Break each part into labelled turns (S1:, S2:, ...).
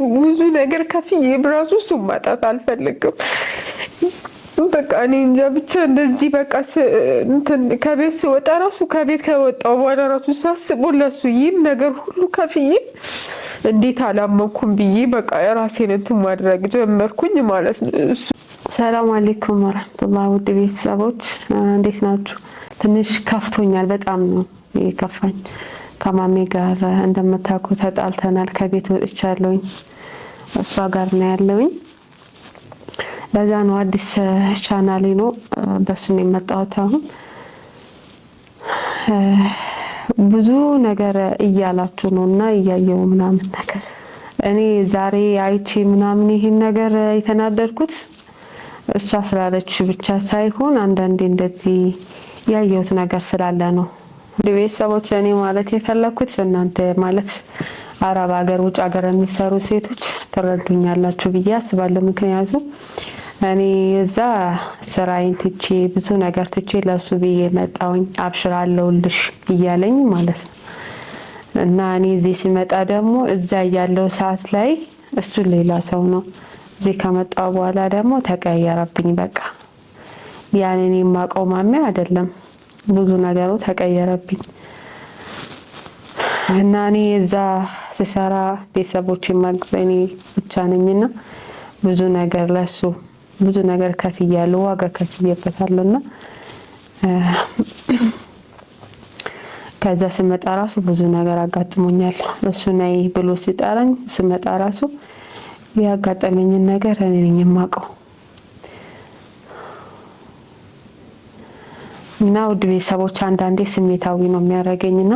S1: ብዙ ነገር ከፍዬ ብራሱ እሱ ማጣት አልፈልግም። በቃ እኔ እንጃ ብቻ እንደዚህ በቃ ከቤት ስወጣ ራሱ ከቤት ከወጣው በኋላ ራሱ ሳስቦ ለሱ ይህን ነገር ሁሉ ከፍዬ እንዴት አላመንኩም ብዬ በቃ ራሴን እንትን ማድረግ ጀመርኩኝ ማለት ነው።
S2: ሰላም አሌይኩም ወረህመቱላህ ውድ ቤተሰቦች እንዴት ናችሁ? ትንሽ ከፍቶኛል። በጣም ነው የከፋኝ ከማሜ ጋር እንደምታውቁ ተጣልተናል። ከቤት ወጥቻለሁኝ፣ እሷ ጋር ነው ያለውኝ። ለዛ ነው አዲስ ቻናሌ ነው፣ በሱ ነው የመጣሁት። አሁን ብዙ ነገር እያላችሁ ነው እና እያየው ምናምን ነገር እኔ ዛሬ አይቼ ምናምን ይህን ነገር የተናደድኩት እሷ ስላለች ብቻ ሳይሆን አንዳንዴ እንደዚህ ያየሁት ነገር ስላለ ነው። ውድ ቤተሰቦች እኔ ማለት የፈለኩት እናንተ ማለት አረብ ሀገር፣ ውጭ ሀገር የሚሰሩ ሴቶች ትረዱኛላችሁ ብዬ አስባለሁ። ምክንያቱም እኔ እዛ ስራዬን ትቼ ብዙ ነገር ትቼ ለሱ ብዬ መጣውኝ። አብሽር እያለኝ ማለት ነው እና እኔ እዚህ ሲመጣ ደግሞ እዛ ያለው ሰዓት ላይ እሱ ሌላ ሰው ነው። እዚህ ከመጣው በኋላ ደግሞ ተቀየረብኝ። በቃ ያንን የማቀው ማሚያ አይደለም ብዙ ነገሩ ተቀየረብኝ እና እኔ እዛ ስሰራ ቤተሰቦች ማግዘኔ ብቻ ነኝና ብዙ ነገር ለሱ ብዙ ነገር ከፍያለሁ፣ ዋጋ ከፍዬበታለሁ እና ከዛ ስመጣ ራሱ ብዙ ነገር አጋጥሞኛል። እሱ ነይ ብሎ ሲጠራኝ ስመጣ ራሱ ያጋጠመኝን ነገር እኔ ነኝ የማውቀው። እና ውድ ቤተሰቦች አንዳንዴ ስሜታዊ ነው የሚያደርገኝ እና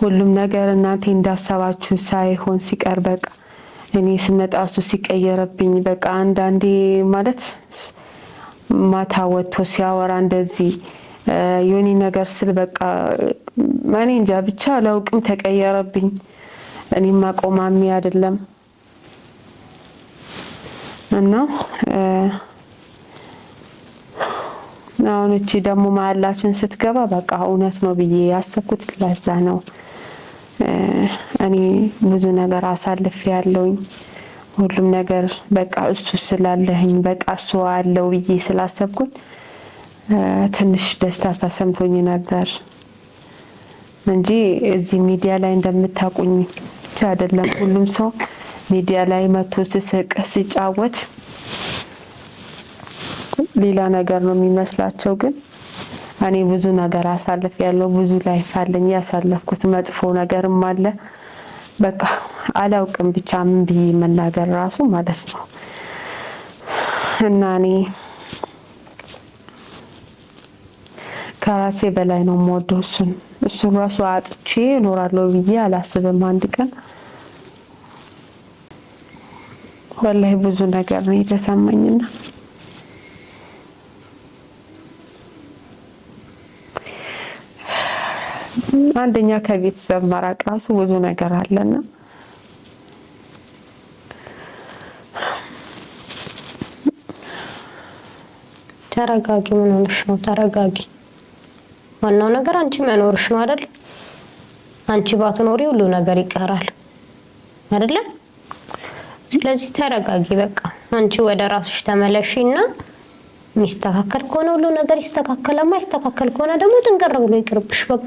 S2: ሁሉም ነገር እናንተ እንዳሰባችሁ ሳይሆን ሲቀር በቃ እኔ ስመጣ እሱ ሲቀየረብኝ በቃ አንዳንዴ ማለት ማታ ወጥቶ ሲያወራ እንደዚህ የሆነ ነገር ስል በቃ እኔ እንጃ ብቻ ለውቅም ተቀየረብኝ። እኔም ማቆማሚ አይደለም እና አሁን እቺ ደግሞ መሀላችን ስትገባ በቃ እውነት ነው ብዬ ያሰብኩት ለዛ ነው። እኔ ብዙ ነገር አሳልፍ ያለውኝ ሁሉም ነገር በቃ እሱ ስላለህኝ በቃ እሱ አለው ብዬ ስላሰብኩኝ ትንሽ ደስታ ተሰምቶኝ ነበር እንጂ እዚህ ሚዲያ ላይ እንደምታውቁኝ ብቻ አይደለም። ሁሉም ሰው ሚዲያ ላይ መቶ ስስቅ ሲጫወት ሌላ ነገር ነው የሚመስላቸው። ግን እኔ ብዙ ነገር አሳልፍ ያለው ብዙ ላይፍ አለኝ። ያሳለፍኩት መጥፎ ነገርም አለ። በቃ አላውቅም ብቻ ምን ብዬ መናገር ራሱ ማለት ነው እና እኔ ከራሴ በላይ ነው የምወደው እሱን እሱን ራሱ አጥቼ እኖራለሁ ብዬ አላስብም። አንድ ቀን ወላይ ብዙ ነገር ነው የተሰማኝና አንደኛ ከቤተሰብ መራቅ ራሱ ብዙ ነገር አለና ተረጋጊ። ምን ሆነሽ ነው? ተረጋጊ። ዋናው ነገር አንቺ መኖርሽ ነው አይደል? አንቺ ባትኖሪ ሁሉ ነገር ይቀራል አይደለ? ስለዚህ ተረጋጊ። በቃ አንቺ ወደ ራስሽ ተመለሺ እና የሚስተካከል ከሆነ ሁሉ ነገር ይስተካከላል። የማይስተካከል ከሆነ ደግሞ ጥንቅር ብሎ ይቅርብሽ በቃ።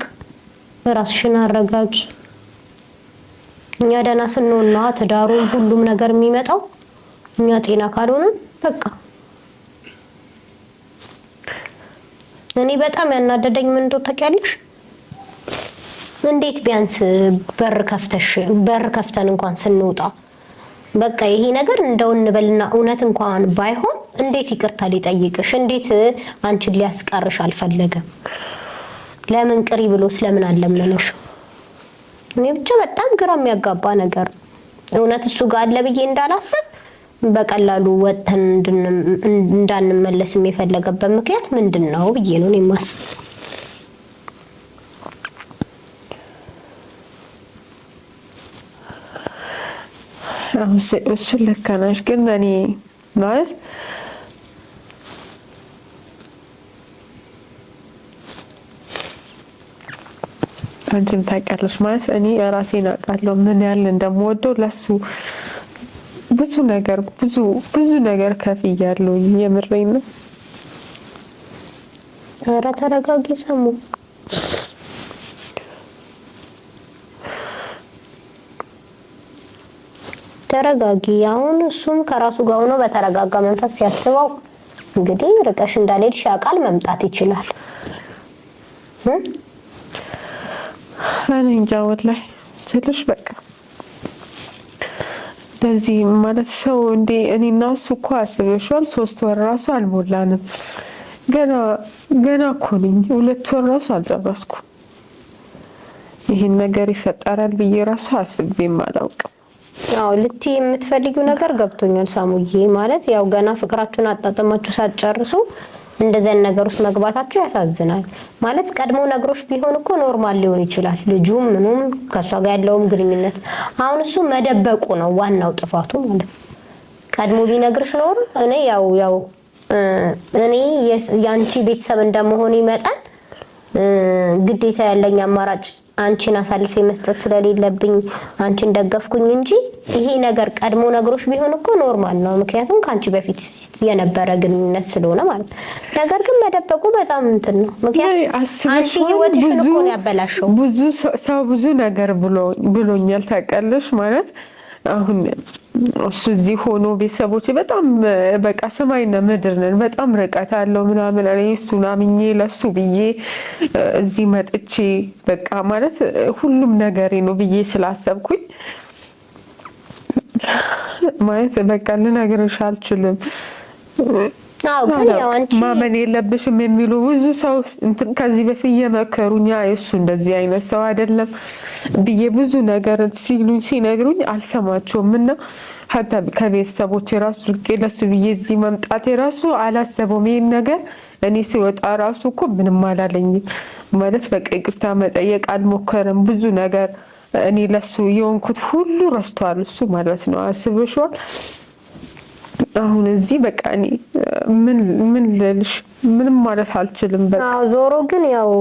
S2: ራስሽን አረጋጊ። እኛ ደህና ስንሆን ነዋ ሁሉም ነገር የሚመጣው። እኛ ጤና ካልሆነም በቃ እኔ በጣም ያናደደኝ ምን እንደው ታውቂያለሽ? እንዴት ቢያንስ በር ከፍተሽ በር ከፍተን እንኳን ስንወጣ በቃ ይሄ ነገር እንደው እንበልና እውነት እንኳን ባይሆን እንዴት ይቅርታ ሊጠይቅሽ እንዴት አንቺን ሊያስቀርሽ አልፈለገም? ለምን ቅሪ ብሎ ስለምን አለመነሽ? እኔ ብቻ በጣም ግራ የሚያጋባ ነገር እውነት እሱ ጋር አለ ብዬ እንዳላስብ በቀላሉ ወጥተን እንዳንመለስ የፈለገበት ምክንያት ምንድን ነው ብዬ ነው የማስብ።
S1: እሱ ልክ ነሽ፣ ግን እኔ ማለት አንቺም ታውቂያለሽ ማለት እኔ ራሴን አውቃለሁ ምን ያህል እንደምወደው ለሱ ብዙ ነገር ብዙ ብዙ ነገር ከፍያለሁ። የምሬን ነው።
S2: ኧረ ተረጋጊ ሰሙ። ተረጋጊ። አሁን እሱም ከራሱ ጋር ሆኖ በተረጋጋ መንፈስ ሲያስበው እንግዲህ ርቀሽ እንዳልሄድሽ ያውቃል። መምጣት ይችላል።
S1: እኔ እንጃ ወላሂ ስልሽ በቃ ለዚህ ማለት ሰው እንዴ እኔና እሱ እኮ አስበሽዋል። ሶስት ወር ራሱ አልሞላንም። ገና ገና እኮ ነኝ። ሁለት ወር ራሱ አልጨረስኩ። ይህን ነገር ይፈጠራል ብዬ ራሱ አስቤም አላውቅም።
S2: አዎ ልቲ የምትፈልጊው ነገር ገብቶኛል ሳሙዬ። ማለት ያው ገና ፍቅራችሁን አጣጥማችሁ ሳትጨርሱ እንደዚህ ነገር ውስጥ መግባታቸው ያሳዝናል። ማለት ቀድሞ ነግሮች ቢሆን እኮ ኖርማል ሊሆን ይችላል። ልጁም ምኑም ከእሷ ጋር ያለውም ግንኙነት አሁን እሱ መደበቁ ነው ዋናው ጥፋቱ ማለት ቀድሞ ቢነግርሽ ኖር እኔ ያው ያው እኔ የአንቺ ቤተሰብ እንደመሆን ይመጣል ግዴታ ያለኝ አማራጭ አንቺን አሳልፌ መስጠት ስለሌለብኝ አንቺን ደገፍኩኝ እንጂ ይሄ ነገር ቀድሞ ነገሮች ቢሆን እኮ ኖርማል ነው። ምክንያቱም ከአንቺ በፊት የነበረ ግንኙነት ስለሆነ ማለት ነው። ነገር ግን መደበቁ በጣም እንትን ነው።
S1: ምክንያቱም ብዙ ሰው ብዙ ነገር ብሎኛል ታውቃለሽ ማለት አሁን እሱ እዚህ ሆኖ ቤተሰቦች በጣም በቃ ሰማይና ምድር ነን። በጣም ርቀት አለው ምናምን እሱን አምኜ ለሱ ብዬ እዚህ መጥቼ በቃ ማለት ሁሉም ነገሬ ነው ብዬ ስላሰብኩኝ ማለት በቃ ልነግርሽ አልችልም። ማመን የለብሽም የሚሉ ብዙ ሰው ከዚህ በፊት እየመከሩኛ እሱ እንደዚህ አይነት ሰው አይደለም ብዬ ብዙ ነገር ሲሉኝ ሲነግሩኝ አልሰማቸውም እና ከቤተሰቦች የራሱ ርቄ ለሱ ብዬ እዚህ መምጣት የራሱ አላሰበውም። ይህን ነገር እኔ ሲወጣ ራሱ እኮ ምንም አላለኝም ማለት በቃ ይቅርታ መጠየቅ አልሞከረም። ብዙ ነገር እኔ ለሱ የሆንኩት ሁሉ ረስቷል እሱ ማለት ነው። አስብሽዋል አሁን እዚህ በቃ እኔ ምን ምን ልልሽ ምንም ማለት አልችልም።
S2: በቃ ዞሮ ግን ያው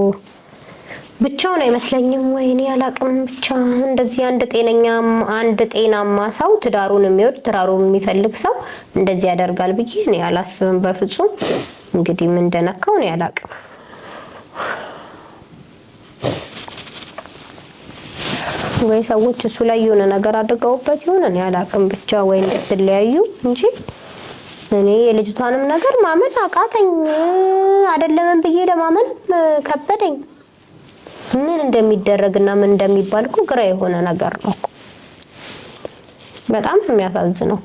S2: ብቻውን አይመስለኝም። ወይ እኔ አላቅም። ብቻ እንደዚህ አንድ ጤነኛ አንድ ጤናማ ሰው ትዳሩን የሚወድ ትዳሩን የሚፈልግ ሰው እንደዚህ ያደርጋል ብዬ እኔ አላስብም በፍጹም። እንግዲህ ምን እንደነካው እኔ አላቅም። ወይ ሰዎች እሱ ላይ የሆነ ነገር አድርገውበት ይሆን እኔ አላቅም፣ ብቻ ወይ እንድትለያዩ እንጂ እኔ የልጅቷንም ነገር ማመን አቃተኝ። አይደለምን ብዬ ለማመን ከበደኝ። ምን እንደሚደረግና ምን እንደሚባል እኮ ግራ የሆነ ነገር ነው። በጣም የሚያሳዝነው።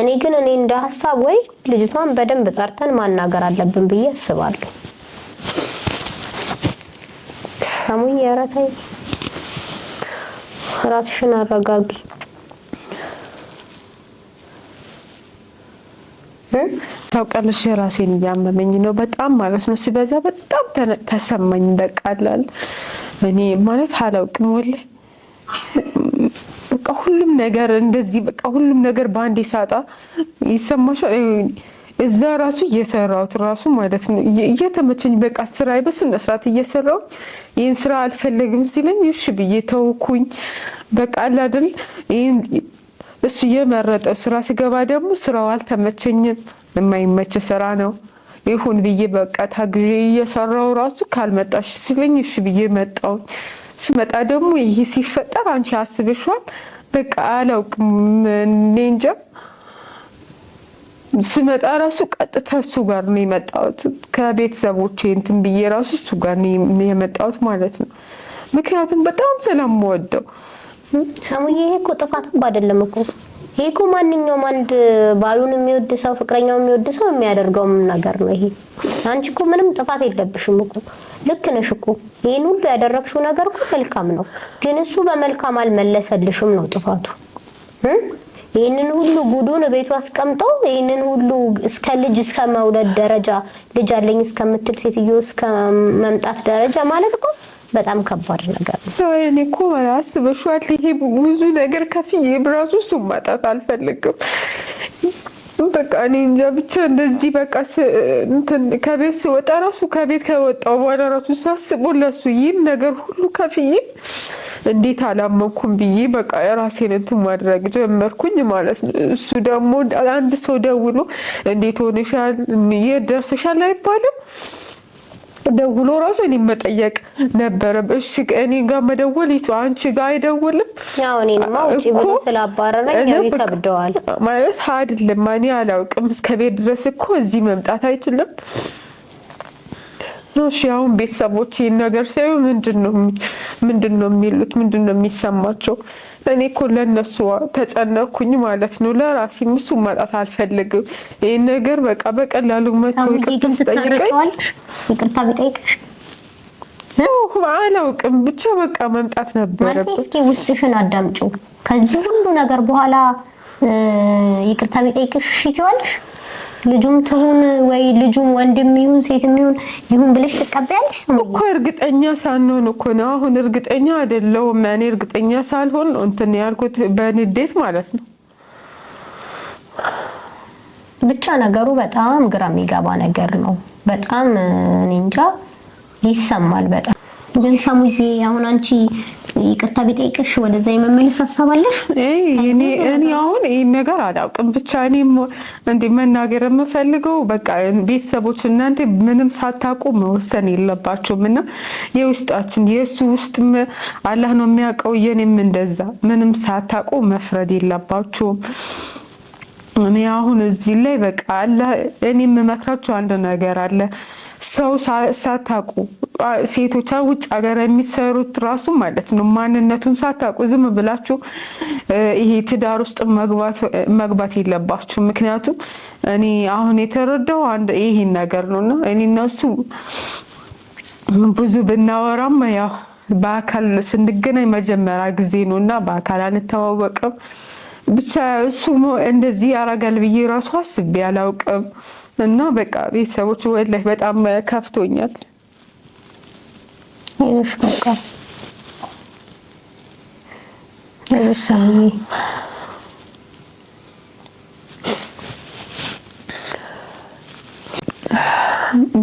S2: እኔ ግን እኔ እንደ ሀሳብ ወይ ልጅቷን በደንብ ጠርተን ማናገር አለብን ብዬ አስባለሁ። አሙኝ ራስሽን አረጋጊ።
S1: ታውቂያለሽ ራሴን እያመመኝ ነው በጣም ማለት ነው። ሲበዛ በጣም ተሰማኝ። በቃላል እኔ ማለት አላውቅም ወላሂ በቃ ሁሉም ነገር እንደዚህ በቃ ሁሉም ነገር በአንዴ ሳጣ ይሰማሻል እዛ ራሱ እየሰራሁት ራሱ ማለት ነው እየተመቸኝ በቃ ስራ በስነ ስርዓት እየሰራው ይህን ስራ አልፈለግም ሲለኝ እሺ ብዬ ተውኩኝ። በቃ አላደል እሱ የመረጠው ስራ ስገባ ደግሞ ስራው አልተመቸኝም። የማይመች ስራ ነው ይሁን ብዬ በቃ ታግዤ እየሰራው ራሱ ካልመጣሽ ሲለኝ እሺ ብዬ መጣው። ስመጣ ደግሞ ይህ ሲፈጠር አንቺ አስብሿል በቃ አላውቅም እኔ እንጃ ስመጣ ራሱ ቀጥታ እሱ ጋር ነው የመጣሁት። ከቤተሰቦቼ እንትን ብዬ ራሱ እሱ ጋር ነው የመጣሁት ማለት ነው። ምክንያቱም በጣም ስለምወደው
S2: ሰሙዬ። ይሄ እኮ ጥፋት እኮ አይደለም እኮ ይሄ እኮ ማንኛውም አንድ ባሉን የሚወድ ሰው ፍቅረኛው የሚወድ ሰው የሚያደርገውም ነገር ነው ይሄ። አንቺ እኮ ምንም ጥፋት የለብሽም እኮ ልክ ነሽ እኮ። ይህን ሁሉ ያደረግሽው ነገር እኮ መልካም ነው፣ ግን እሱ በመልካም አልመለሰልሽም ነው ጥፋቱ። ይህንን ሁሉ ጉዱን ቤቱ አስቀምጠው ይህንን ሁሉ እስከ ልጅ እስከ መውለድ ደረጃ ልጅ አለኝ እስከምትል ሴትዮ እስከ መምጣት ደረጃ ማለት እኮ በጣም ከባድ ነገር ነው።
S1: እኔ እኮ አስበሽዋል። ይሄ ብዙ ነገር ከፍዬ ብራሱ እሱን ማጣት አልፈልግም። በቃ እኔ እንጃ ብቻ እንደዚህ በቃ ከቤት ስወጣ ራሱ ከቤት ከወጣው በኋላ ራሱ ሳስቦ ለሱ ይህን ነገር ሁሉ ከፍዬ እንዴት አላመንኩም ብዬ በቃ ራሴን እንትን ማድረግ ጀመርኩኝ ማለት ነው። እሱ ደግሞ አንድ ሰው ደውሎ እንዴት ሆነሻል፣ የት ደርሰሻል አይባልም ደውሎ ራሱ እኔ መጠየቅ ነበረም። እሺ እኔ ጋር መደወል ይቱ አንቺ ጋር አይደውልም
S2: ስላባረረኝ ይከብደዋል
S1: ማለት አይደለም። እኔ አላውቅም እስከ ቤት ድረስ እኮ እዚህ መምጣት አይችልም እሺ አሁን ቤተሰቦች ይህን ነገር ሲያዩ ምንድን ነው የሚሉት? ምንድን ነው የሚሰማቸው? እኔ እኮ ለእነሱ ተጨነኩኝ ማለት ነው። ለራሴም እሱ ማጣት አልፈልግም። ይህን ነገር በቃ በቀላሉ መቶ
S2: ይቅርታ ስጠይቀኝ
S1: አላውቅም ብቻ በቃ መምጣት ነበረብኝ።
S2: እስኪ ውስጥሽን አዳምጪው። ከዚህ ሁሉ ነገር በኋላ ይቅርታ ቢጠይቅሽ እሺ ልጁም ትሁን ወይ ልጁም ወንድም ይሁን ሴት ይሁን ይሁን ብለሽ ትቀበያለሽ
S1: እኮ እርግጠኛ ሳንሆን እኮ ነው። አሁን እርግጠኛ አይደለሁም እኔ እርግጠኛ ሳልሆን እንትን ያልኩት በንዴት ማለት ነው።
S2: ብቻ ነገሩ በጣም ግራ የሚገባ ነገር ነው። በጣም እኔ እንጃ ይሰማል። በጣም ግን ሰሙዬ አሁን አንቺ ይቅርታ ቢጠይቅሽ ወደዛ የመመለስ አሳባለሽ?
S1: እኔ አሁን ይህን ነገር አላውቅም። ብቻ እኔም እንደ መናገር የምፈልገው በቃ ቤተሰቦች እናንተ ምንም ሳታውቁ መወሰን የለባችሁም እና የውስጣችን የእሱ ውስጥ አላህ ነው የሚያውቀው። የኔም እንደዛ ምንም ሳታውቁ መፍረድ የለባችሁም። እኔ አሁን እዚህ ላይ በቃ እኔ የምመክራቸው አንድ ነገር አለ ሰው ሳታቁ ሴቶች ውጭ ሀገር የሚሰሩት ራሱ ማለት ነው ማንነቱን ሳታቁ ዝም ብላችሁ ይሄ ትዳር ውስጥ መግባት የለባችሁ። ምክንያቱም እኔ አሁን የተረዳው አንድ ይሄን ነገር ነው እና እኔ እነሱ ብዙ ብናወራም ያው በአካል ስንገናኝ መጀመሪያ ጊዜ ነው እና በአካል አንተዋወቅም። ብቻ እሱ እንደዚህ ያረጋል ብዬ ራሱ አስቤ አላውቅም። እና በቃ ቤተሰቦች ወይ ላይ በጣም ከፍቶኛል።
S2: አይዞሽ በቃ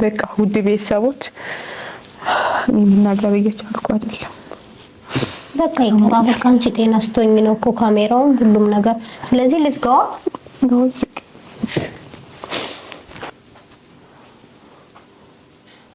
S1: በቃ ውድ ቤተሰቦች የምናገር እየቻልኩ አይደለም።
S2: በቃ ይከራበት። ከአንቺ ጤና ስቶኝ ነው እኮ ካሜራውን ሁሉም ነገር። ስለዚህ ልዝጋዋ።